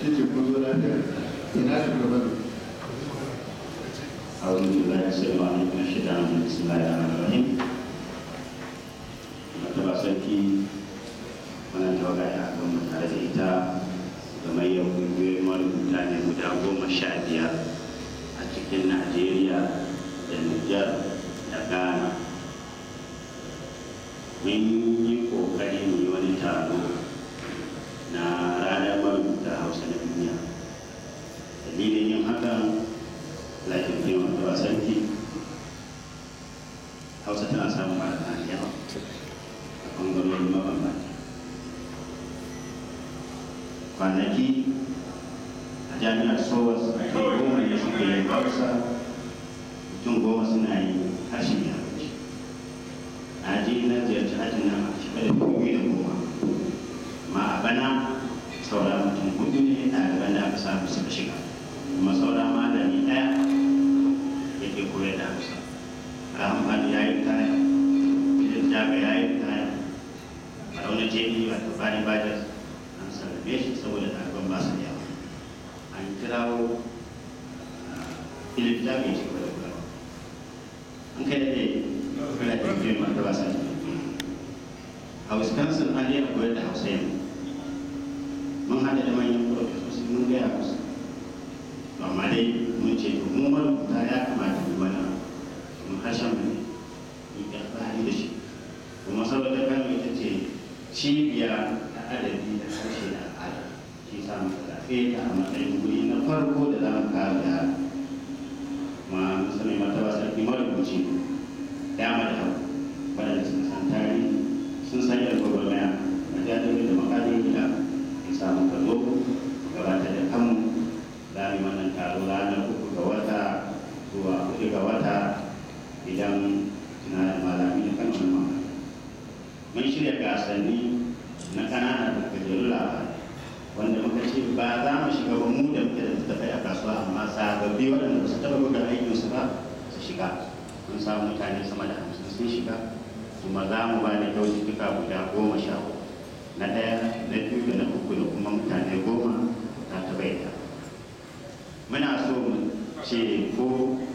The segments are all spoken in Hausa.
ce kun zo lafiya ina shugaban أعوذ بالله السميع من الشيطان بسم الله الرحمن الرحيم Mataba sarki wannan tawaga ta aka mu tare da ita kamar yau kungiyoyin marubuta ne guda goma sha biyar a cikin Najeriya da Nijar da Ghana. Mun yi ƙoƙari mu yi wani taro kwanaki a jami'ar sowas a kai goma ya suke yi hausa mutum goma suna yi harshen yaranci a ji na ziyarci hajji na a shekarar dubu biyu da goma amma a bana saura mutum hudu ne gaba da aka samu suka shiga kuma saura malami ɗaya ke koyar da hausa amfani ya yi kaya idan ya yi kaya a raunar jami'a da bani bajas ili filamu ce ba da an kai da kuna da fiye ma ta basa a wisconsin an yi akwai da hausa yamma mun hada da manyan profesors mun gaya musu amma mun ce mu marubuta ya kamata mu mana mu harshen mu mu karɓa da shi kuma saboda kano ita ce cibiya ta adabi da harshe da al'ada shi samu ta a matsayin guri na farko da za mu kawo da kuma musa mai martaba sarki marubuci dama da hau da suka san tarihi sun san yan gwagwarmaya na jadon da makadin gida ya samu ka zo gabatar da kanmu za mu wannan taro ranar uku ga wata zuwa hudu ga wata idan tuna da malami da kan wani mun shirya gasanni na ƙananan da gajerun labarai wanda muka ce ba za mu shiga ba mu da muke da tafiya a kasuwa sababbi waɗanda su taɓa buga su ba su shiga mun samu mutane sama da hamsin sun shiga kuma za mu ba da kyaututtuka guda goma sha na ɗaya na biyu da na uku da kuma mutane goma na ta bayyana muna so mu ce ko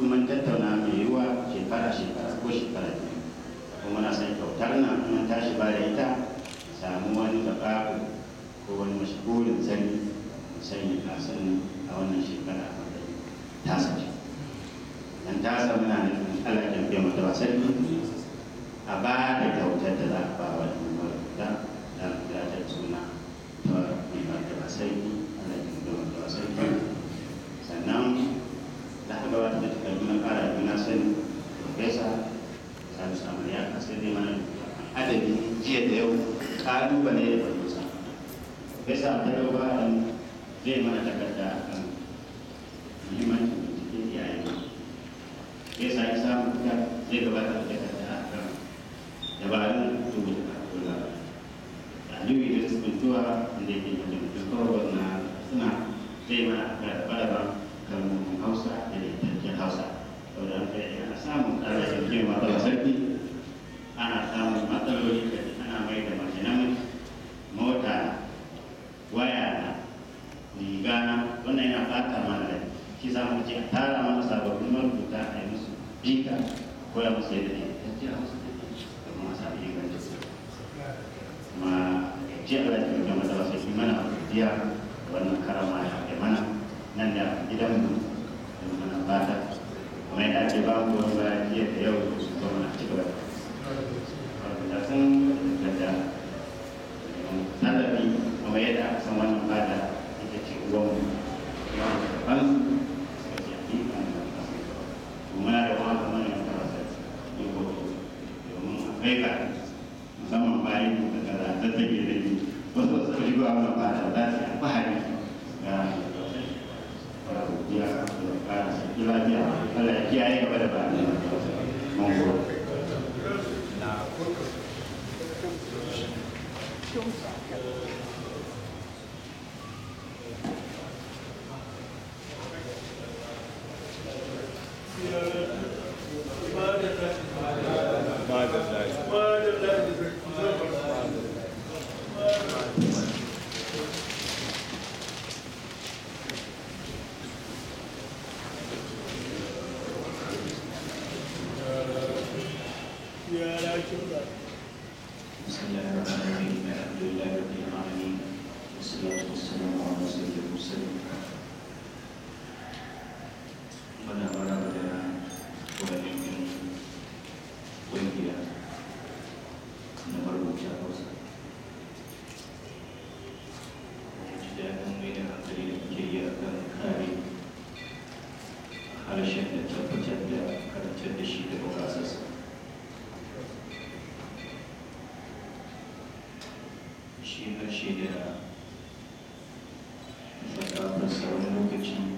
mun tattauna mai yiwuwa shekara shekara ko shekara biyu kuma muna son kyautar na kuma tashi ba da ita samu wani gaɓaɓu ko wani mashahurin sani mu sanya kasan a wannan shekara ta sace dan ta samu na nufin Allah biya mata ba sai a ba da kyautar da za a ba wa da da da ta suna ta mai ba da sai Allah ya biya mata ba sai sannan za ka ga ta ta na fara juna sani profesa sami samun ya kasa ne mana adadi jiya da yau kalubale da farfesa profesa ta yau ba zai mana takarda kan yasa ya samu ta zai gabatar da takarda a kan dabarun rubuta takarda aliyu idris niin, da ke da dukkan na suna zai mana karɓarwa kalmomin hausa da littattun hausa saboda an kai ana samun ƙarashin koya musu yadda ta ce musu kuma ce mana biya wannan karama mana nan da gidanmu da mana fata kuma ake ba mu da yau kai ka musamman bayan da daga zata ta ke rage wasu wasu sun ba a wannan fata za su yi fahari ga ya ƙara sauki lafiya Allah ya kiyaye gaba da ba mun gode. și de la Fata Păsărul Lucăcii.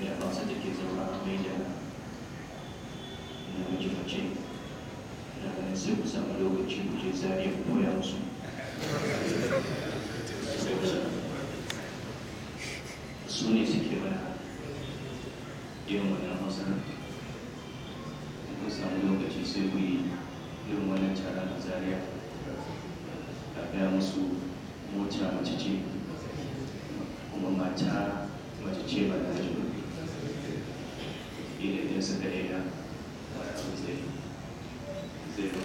yadda hausa da ke zaura a mai da namiji mace na ganin sai ku samu lokaci ku je zariya ku koya musu su ne suke mana yin ku yi a zariya a gaya musu mota kuma mata mace ce ba da it is in the AM, uh, with a zero.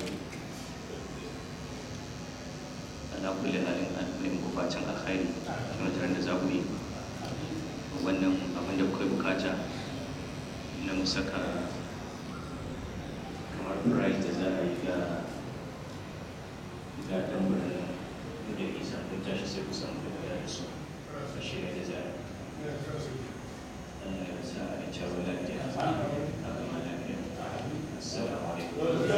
Ala kulli alin an nemi ku fatan alkhairi kuma jiran da za yi wannan abin da kuka bukata na musaka kamar price da za a yi ga ga dan birnin da isa kun tashi sai ku samu da su a shirya da za a yi. إن شاء الله لا السلام عليكم